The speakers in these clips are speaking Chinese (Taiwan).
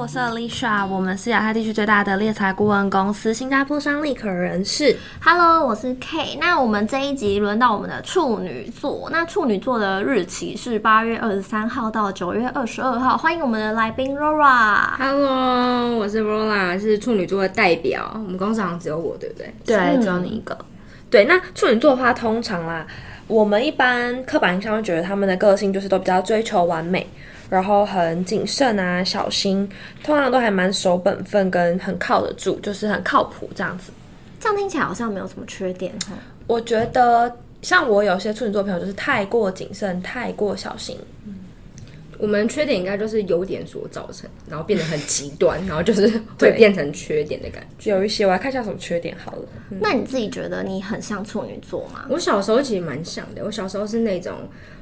我是 Lisa，我們是亞太地區最大的獵才顧問公司——新加坡商立可人事。Hello，我是 K。那我們這一集輪到我們的處女座。那處女座的日期是八月二十三號到九月二十二號。歡迎我們的來賓 Laura。Hello，我是 Laura，是處女座的代表。我們公司只有我，對不對？對，嗯、只有你一個。對，那處女座的話通常啦。我們一般刻板印象會覺得他們的個性就是都比較追求完美，然後很謹慎啊，小心，通常都還蠻守本分跟很靠得住，就是很靠譜這樣子。這樣聽起來好像沒有什麼缺點哈。我覺得像我有些處女座朋友就是太過謹慎，太過小心。嗯我們缺點應該就是優點所造成，然後變得很極端， 然後就是會變成缺點的感覺。有一些，我要看一下什麼缺點好了。嗯、那你自己覺得你很像處女座嗎？我小時候其實蠻像的。我小時候是那種，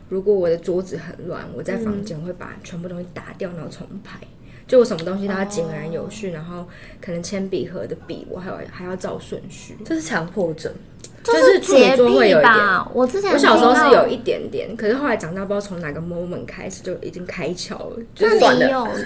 如果我的桌子很亂，我在房間會把全部東西打掉，然後重排。嗯、就我什麼東西都要井然有序，oh. 然後可能鉛筆盒的筆，我還有還要照順序。這是強迫症。就是潔癖、就是、吧，我之前我小時候是有一點點，可是後來長大，不知道從哪個 moment 開始就已經開竅了，你就是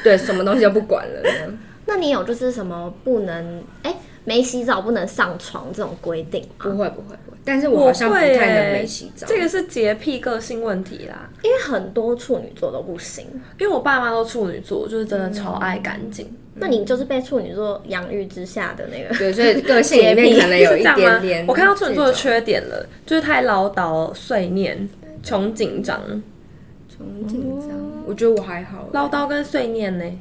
對什麼東西就不管了 那你有就是什麼不能？哎、欸，沒洗澡不能上床這種規定、啊？不會不會。但是我好像不太能、欸、沒洗澡，這個是潔癖個性問題啦。因為很多處女座都不行，嗯、因為我爸媽都處女座，就是真的超愛乾淨、嗯。那你就是被處女座養育之下的那個、嗯， 對，所以個性裡面可能有一點點。我看到處女座的缺點了，就是太嘮叨、碎念、窮緊張、窮緊張。我覺得我還好、欸，嘮叨跟碎念呢、欸。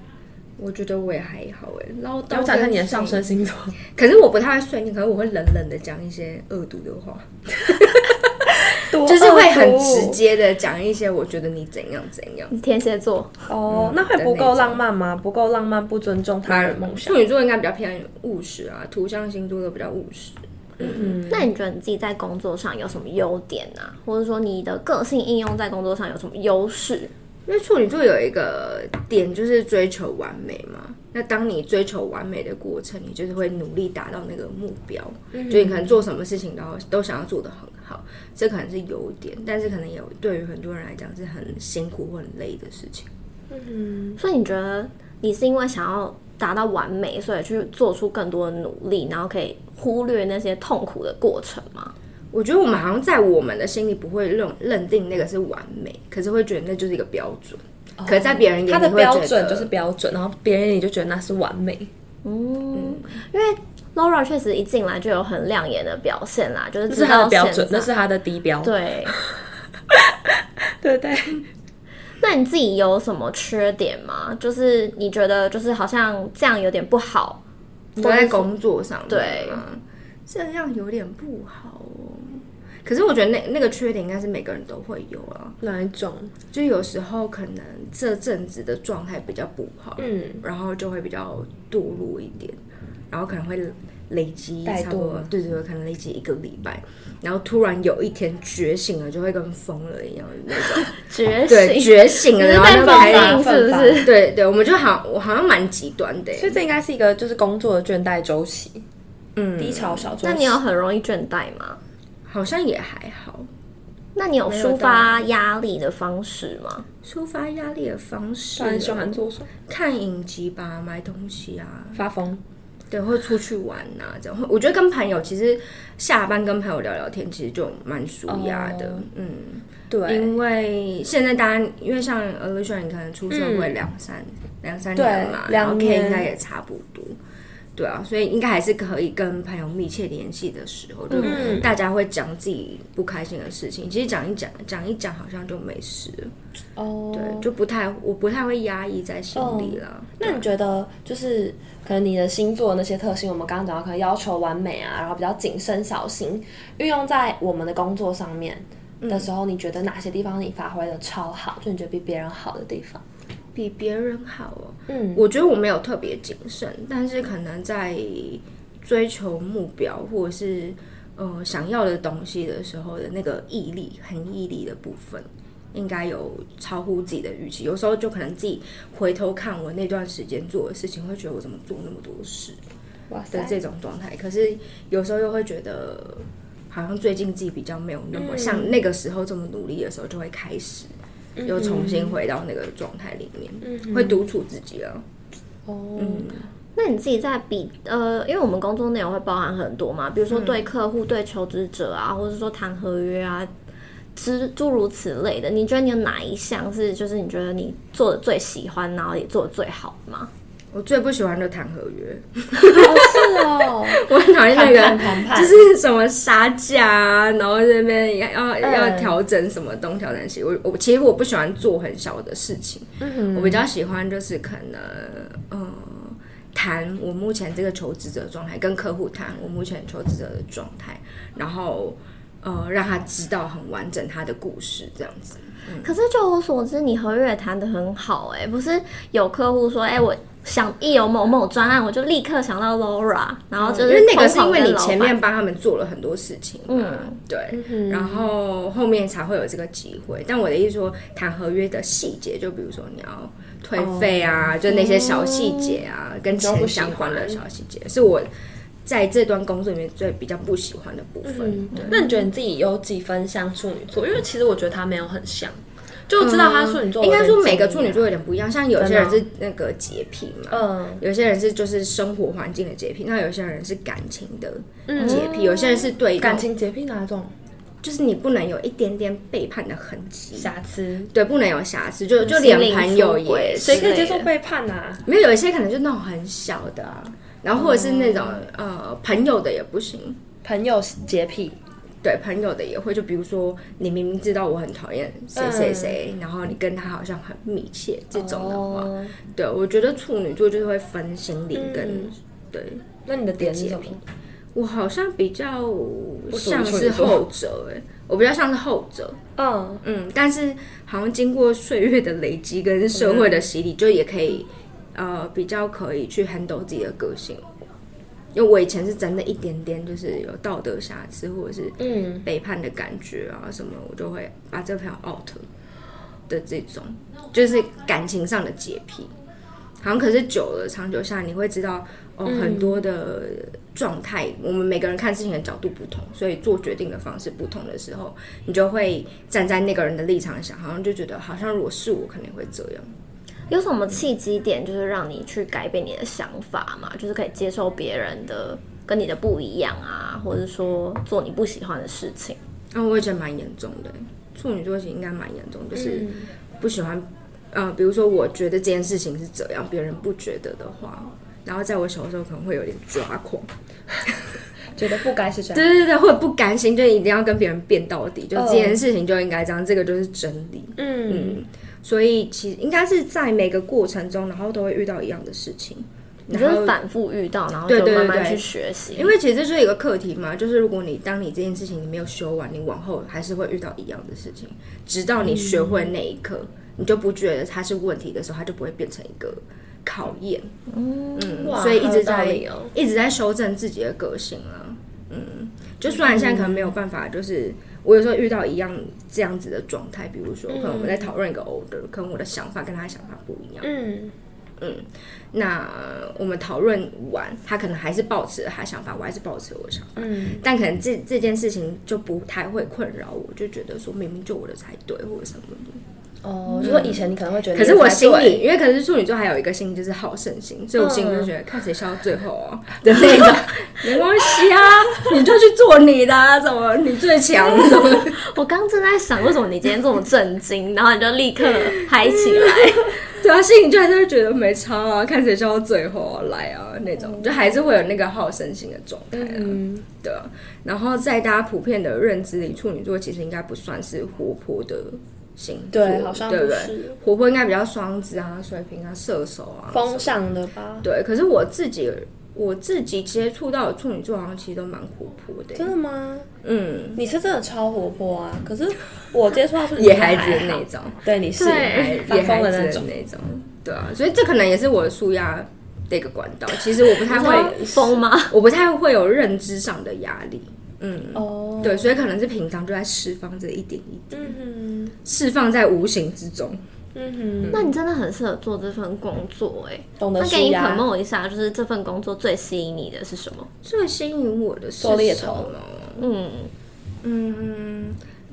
我覺得我也還好哎、欸，然後我站在你的上升星座，可是我不太會順，可是我會冷冷的講一些惡毒的話 毒，就是會很直接的講一些我覺得你怎樣怎樣天。天蠍座哦，那會不夠浪漫嗎？不夠浪漫，不尊重他人夢想。處女座應該比較偏務實啊，土象星座都比較務實。嗯，那你覺得你自己在工作上有什麼優點啊？或者說你的個性應用在工作上有什麼優勢？因為處女座有一個點，就是追求完美嘛。那當你追求完美的過程，你就是會努力達到那個目標，嗯，就你可能做什麼事情都都想要做得很好。這可能是優點，但是可能也有對於很多人來講是很辛苦或很累的事情。嗯，所以你覺得你是因為想要達到完美，所以去做出更多的努力，然後可以忽略那些痛苦的過程嗎？我覺得我們好像在我們的心裡不會認認定那個是完美、嗯，可是會覺得那就是一個標準。哦、可是，在別人眼裡他的標準就是標準，然後別人眼裡就覺得那是完美。嗯，因為 Laura 確實一進來就有很亮眼的表現啦，就是這是他的標準，那是他的低標，對， 對不對。 那你自己有什麼缺點嗎？就是你覺得就是好像這樣有點不好，都在工作上對。這樣有點不好哦。可是我覺得那那個缺點應該是每個人都會有啊。哪一種？就有時候可能這陣子的狀態比較不好，嗯，然後就會比較墮落一點、嗯，然後可能會累積差不多，多，對對對，可能累積一個禮拜，然後突然有一天覺醒了，就會跟瘋了一樣的那種 覺醒，覺醒了然後就反應是不是？對，對對，我們就好，我好像蠻極端的、欸。所以這應該是一個就是工作的倦怠週期。嗯，低潮小，做、嗯。那你有很容易倦怠嗎？好像也還好。那你有抒發壓力的方式嗎？抒發壓力的方式、啊做，看影集吧，買東西啊，發瘋。對，會出去玩啊，這樣。我覺得跟朋友其實下班跟朋友聊聊天，其實就蠻舒壓的、哦。嗯，對。因為現在大家，因為像 Alexia 你可能出社會兩三兩、嗯、三年嘛，然後 K 應該也差不多。對啊，所以應該還是可以跟朋友密切聯繫的時候，就、嗯、大家會講自己不開心的事情。其實講一講，講一講好像就沒事哦。Oh. 對，就不太，我不太會壓抑在心裡了、oh. 啊。那你覺得，就是可能你的星座的那些特性，我們剛剛講到，可能要求完美啊，然後比較謹慎小心，運用在我們的工作上面的時候，嗯、你覺得哪些地方你發揮的超好？就你覺得比別人好的地方？比別人好哦，嗯，我覺得我沒有特別謹慎，但是可能在追求目標或者是呃想要的東西的時候的那個毅力，很毅力的部分，應該有超乎自己的預期。有時候就可能自己回頭看我那段時間做的事情，會覺得我怎麼做那麼多事，哇塞，的這種狀態。可是有時候又會覺得，好像最近自己比較沒有那麼像、嗯、那個時候這麼努力的時候，就會開始。又重新回到那個狀態裡面，嗯嗯，會獨處自己啊。哦、嗯、那你自己在比呃，因為我們工作內容會包含很多嘛，比如說對客戶、嗯、對求職者啊，或是說談合約啊，諸如此類的。你覺得你有哪一項是就是你覺得你做的最喜歡，然後也做的最好的嗎？我最不喜歡就談合約、 哦，是哦，我很討厭那個談談談談，就是什麼殺價啊，然後這邊要、嗯、要調整什麼東調整西。我我其實我不喜歡做很小的事情，嗯、我比較喜歡就是可能嗯，談、呃、我目前這個求職者狀態，跟客戶談我目前求職者的狀態，然後呃讓他知道很完整他的故事這樣子。嗯、可是就我所知，你合約也談得很好、欸，哎，不是有客戶說，哎、欸、我。想一有某某專案，我就立刻想到 Laura，然後就是、嗯、因為那個是因為你前面幫他們做了很多事情，嗯，對嗯嗯，然後後面才會有這個機會、嗯。但我的意思說，談合約的細節，就比如說你要退費啊、嗯，就那些小細節啊、嗯，跟錢相關的小細節，是我在這段工作裡面最比較不喜歡的部分。對，那、嗯、你覺得你自己有幾分像處女座？因為其實我覺得他沒有很像。就知道他是處女座、啊、嗯，應該說每個處女座有點不一樣，像有些人是那個潔癖嘛，嗯，有些人是就是生活環境的潔癖，那有些人是感情的潔癖、嗯，有些人是對感情潔癖那種，就是你不能有一點點背叛的痕跡、瑕疵。對，不能有瑕疵，就就連朋友也誰可以接受背叛吶、啊？沒有，有一些可能就那種很小的、啊，然後或者是那種、嗯、呃、朋友的也不行，朋友是潔癖。對朋友的也會，就比如說，你明明知道我很討厭誰誰誰，然後你跟他好像很密切這種的話、uh.，對我覺得處女座就是會分心靈跟、uh. 對、嗯。對嗯、對，那你的點解？我好像比較像是後者哎、欸，我比較像是後者、uh.。嗯嗯，但是好像經過歲月的累積跟社會的洗禮，就也可以呃比較可以去 handle 自己的個性。因為我以前是真的，一點點就是有道德瑕疵或者是嗯，背叛的感覺啊什麼，我就會把這條 out 的這種，就是感情上的潔癖。好像可是久了，長久下你會知道，哦，很多的狀態，我們每個人看事情的角度不同，所以做決定的方式不同的時候，你就會站在那個人的立場想，好像就覺得，好像如果是我，肯定會這樣。有什麼契機點，就是讓你去改變你的想法嘛？就是可以接受別人的跟你的不一樣啊，或者說做你不喜歡的事情。那、啊、我也覺得蠻嚴重，重的。處女座型應該蠻嚴重，就是不喜歡、呃，比如說我覺得這件事情是怎樣，別人不覺得的話、嗯，然後在我小時候可能會有點抓狂，覺得不該是這樣。 對，對對對，或者不甘心，就一定要跟別人辯到底，就這件事情就應該這樣、哦，這個就是真理。嗯。嗯所以其實應該是在每個過程中，然後都會遇到一樣的事情，然後反復遇到，然後就慢慢去學習。因為其實這是一個課題嘛，就是如果你當你這件事情你沒有修完，你往後還是會遇到一樣的事情，直到你學會那一刻、嗯，你就不覺得它是問題的時候，它就不會變成一個考驗。嗯，嗯哇，所以一直在、哦、一直在修正自己的個性了、啊。嗯，就雖然現在可能沒有辦法，嗯、就是。我有時候遇到一樣這樣子的狀態，比如說可能我們在討論一個 order，、嗯、可能我的想法跟他的想法不一樣。嗯嗯，那我們討論完，他可能還是抱持了他的想法，我還是抱持了我的想法。嗯，但可能這這件事情就不太會困擾我，就覺得說明明就我的才對，或者什麼的。哦、嗯，如果以前你可能會覺得，可是我心裡，欸、因為可是處女座還有一個心就是好勝心，所以我心裡就覺得看誰笑到最後的那個。嗯 沒關係啊， 你就去做你的，怎麼你最強？怎麼？ 我剛正在想，為什麼你今天這麼震驚， 然後你就立刻嗨起來？ 對啊，心裡就還是覺得沒差啊，看誰笑到最後來啊那種，嗯，就還是會有那個好勝心的狀態，啊，嗯，嗯對，啊，然後在大家普遍的認知裡，處女座其實應該不算是活潑的型，對，好像不是，對對對活潑應該比較雙子啊、水瓶啊、射手啊，風向的吧？對，可是我自己。我自己接觸到的處女座好像其實都蠻活潑的，真的嗎？嗯，你是真的超活潑啊！可是我接觸到還 是野孩子那種，對你是野孩子那種，那種對啊，所以這可能也是我的紓壓的一個管道。其實我不太會瘋 嗎？我不太會有認知上的壓力，嗯哦，oh. 對，所以可能是平常就在釋放這一點一點，嗯，釋放在無形之中。嗯哼，那你真的很適合做這份工作哎、欸。懂得、啊、那給你 promote 一下，就是這份工作最吸引你的是什麼？最吸引我的是什麼？嗯嗯，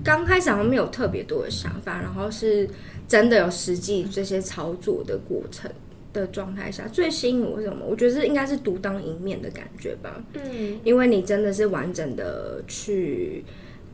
剛、嗯、開始還沒有特別多的想法，然後是真的有實際這些操作的過程的狀態下，最吸引我是什麼？我覺得這應該是獨當一面的感覺吧。嗯，因為你真的是完整的去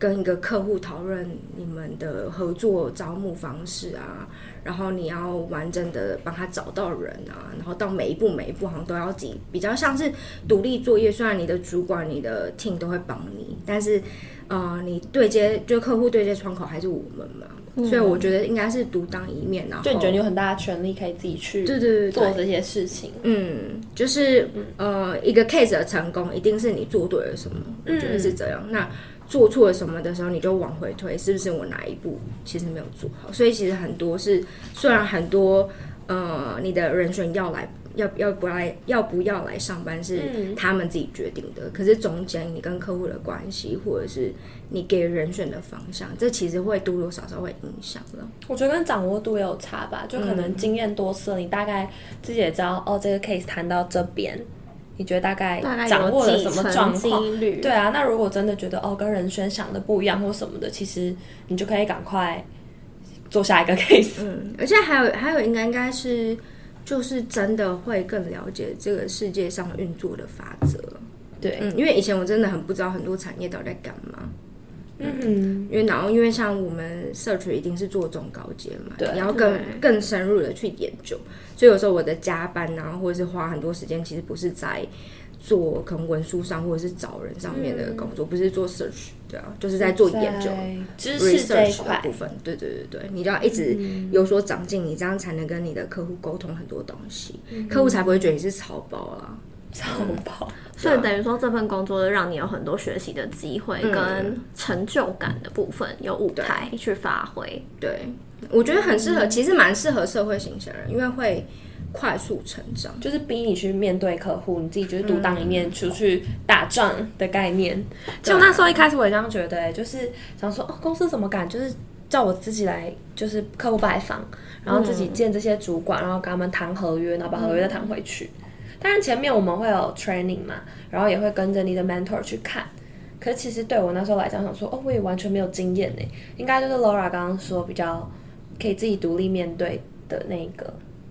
跟一個客戶討論你們的合作招募方式啊，然後你要完整的幫他找到人啊，然後到每一步每一步好像都要自己，比較像是獨立作業。雖然你的主管、你的 team 都會幫你，但是呃，你對接就客戶對接窗口還是我們嘛，嗯、所以我覺得應該是獨當一面啊。就你覺得你有很大的權利可以自己去，對對對，做這些事情。嗯，就是呃，一個 case 的成功一定是你做對了什麼，嗯、我覺得是這樣。嗯、那做錯了什麼的時候，你就往回推，是不是我哪一步其實沒有做好？所以其實很多是，雖然很多呃，你的人選要來要要不來要不要來上班是他們自己決定的，嗯、可是中間你跟客戶的關係，或者是你給人選的方向，這其實會多多少少會影響的。我覺得跟掌握度也有差吧，就可能經驗多了、嗯。你大概自己也知道哦，這個 case 談到這邊。你覺得大概掌握了什麼狀況？對啊，那如果真的覺得哦，跟人選想的不一樣或什麼的，其實你就可以趕快做下一個 case。嗯，而且還有還有應該應該，應該應該是就是真的會更了解這個世界上運作的法則。對，嗯，因為以前我真的很不知道很多產業到底在幹嘛。嗯，因為然後，因為像我們 search 一定是做中高階嘛對，你要更更深入的去研究，所以有時候我的加班，啊，然後或者是花很多時間，其實不是在做可能文書上或者是找人上面的工作，嗯、不是做 search，對啊，就是在做研究，research 的部分，對、就是、對對對，你就要一直有所長進，你、嗯、這樣才能跟你的客戶溝通很多東西，嗯、客戶才不會覺得你是草包啦、啊。超棒、嗯啊！所以等於說這份工作就讓你有很多學習的機會、嗯、跟成就感的部分，有舞台去發揮。對，對嗯、我覺得很適合、嗯，其實蠻適合社會型的人，因為會快速成長，就是逼你去面對客戶，你自己就是獨當一面出去打仗的概念。就、嗯、那時候一開始我也這樣覺得，就是想說哦，公司怎麼敢，就是叫我自己來，就是客戶拜訪，然後自己見這些主管，然後跟他們談合約，然後把合約再談回去。嗯嗯當然，前面我們會有 training 嘛，然後也會跟着你的 mentor 去看。可是其實對我那時候來講，想說，哦，我也完全沒有經驗耶。應該就是 Laura 剛剛說比較可以自己獨立面對的那一個。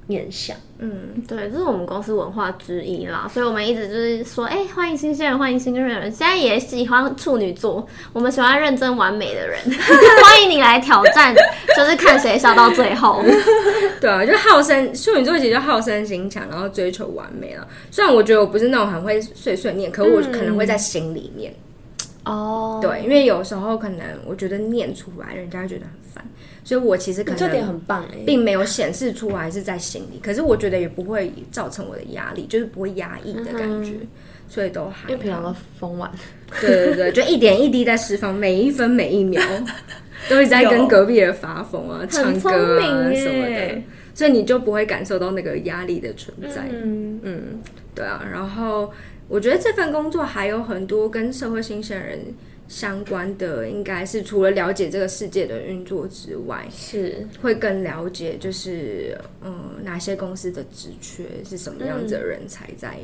面相。嗯，對，這是我們公司文化之一啦，所以我們一直就是說，哎、欸，歡迎新鮮人，歡迎新鮮人，人，現在也喜歡處女座，我們喜歡認真完美的人， 歡迎你來挑戰， 就是看誰笑到最後。 對啊，就好勝，處女座其實就好勝心強，然後追求完美啊。雖然我覺得我不是那種很會碎碎念，可是我可能會在心裡面。嗯哦、oh.，對，因為有時候可能我覺得念出來，人家覺得很煩，所以我其實可能這點很棒哎，並沒有顯示、oh. 示出來是在心裡，可是我覺得也不會造成我的壓力，就是不會壓抑的感覺，mm -hmm. 所以都還因為平常都瘋玩，對對對，就一點一滴在釋放，每一分每一秒 都會在跟隔壁的發瘋啊、 唱歌啊什麼的，所以你就不會感受到那個壓力的存在。Mm -hmm. 嗯，對啊，然後。我覺得這份工作還有很多跟社會新鮮人相關的，應該是除了了解這個世界的運作之外，是會更了解就是嗯哪些公司的職缺是什麼樣子的人才在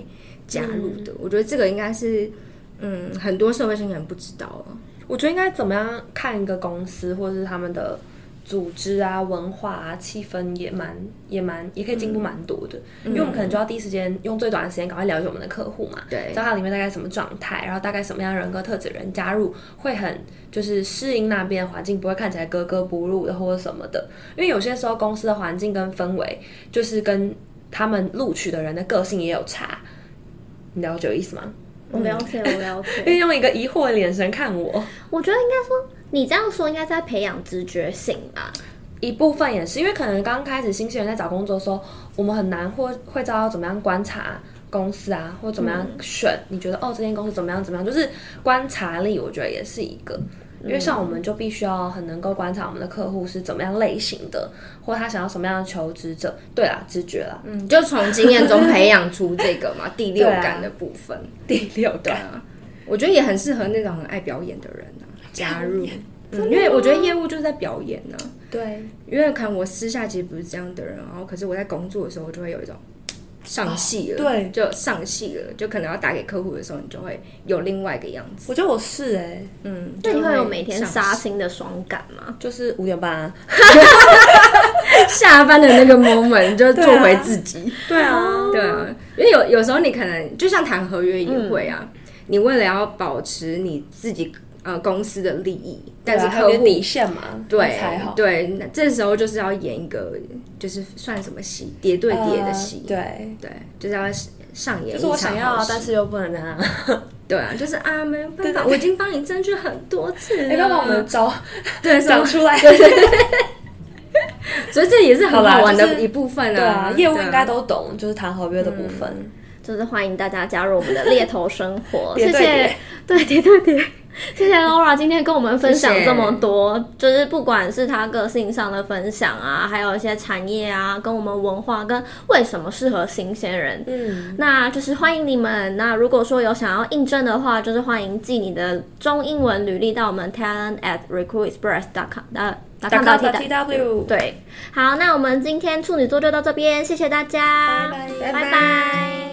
加入的。嗯、我覺得這個應該是嗯很多社會新人不知道、啊、我覺得應該怎麼樣看一個公司或是他們的？組織啊，文化啊，氣氛也蠻也蠻也可以進步蠻多的，嗯，因為我們可能就要第一時間用最短的時間趕快了解我們的客戶嘛，對，知道他裡面大概什麼狀態，然後大概什麼樣人格特質人加入會很就是適應那邊環境，不會看起來格格不入的或者什麼的，因為有些時候公司的環境跟氛圍就是跟他們錄取的人的個性也有差，你了解我意思嗎？我了解、嗯，我了解。因 為用一個疑惑的眼神看我，我覺得應該說，你這樣說應該在培養直覺性吧。一部分也是，因為可能剛開始新鮮人在找工作的時候，我們很難或會知道怎麼樣觀察公司啊，或怎麼樣選。嗯、你覺得哦，這間公司怎麼樣？怎麼樣？就是觀察力，我覺得也是一個。因為像我們，就必須要很能夠觀察我們的客戶是怎麼樣類型的，或他想要什麼樣的求職者。對啦，直覺啦，嗯，就從經驗中培養出這個嘛， 第六感的部分。啊、第六感啊， 我覺得也很適合那種很愛表演的人啊，加入，加嗯、因為我覺得業務就是在表演呢、啊。對，因為可能我私下其實不是這樣的人，然後可是我在工作的時候，我就會有一種。上戲了、哦，對，就上戲了，就可能要打給客戶的時候，你就會有另外一個樣子。我覺得我是哎、欸，嗯，那你會有每天殺心的爽感嗎？就是五點半下班的那個 moment，就做回自己。對啊，對啊， 對啊，因為有有時候你可能就像談合約也會啊、嗯，你為了要保持你自己。呃，公司的利益，啊、但是還有底線嘛？對那才好對，這時候就是要演一個，就是算什麼戲？疊對疊的戲，呃、對對，就是要上演一、就是、我想要、啊，但是又不能啊。 對啊，就是啊，沒有辦法對對對，我已經幫你爭取很多次了、啊欸，要不要我們找？ 對，找出來。 所以這也是很好玩的一部分啊，就是、對啊對啊業務應該都懂，就是談合約的部分、嗯。就是歡迎大家加入我們的獵頭生活， 對對謝謝。對疊對疊。謝謝 Laura 今天跟我們分享這麼多，謝謝，就是不管是她個性上的分享啊，還有一些產業啊，跟我們文化跟為什麼適合新鮮人，嗯，那就是歡迎你們。那如果說有想要應徵的話，就是歡迎寄你的中英文履歷到我們 talent at recruitexpress.com 呃，com.tw 對。好，那我們今天處女座就到這邊，謝謝大家，拜拜。拜拜拜拜。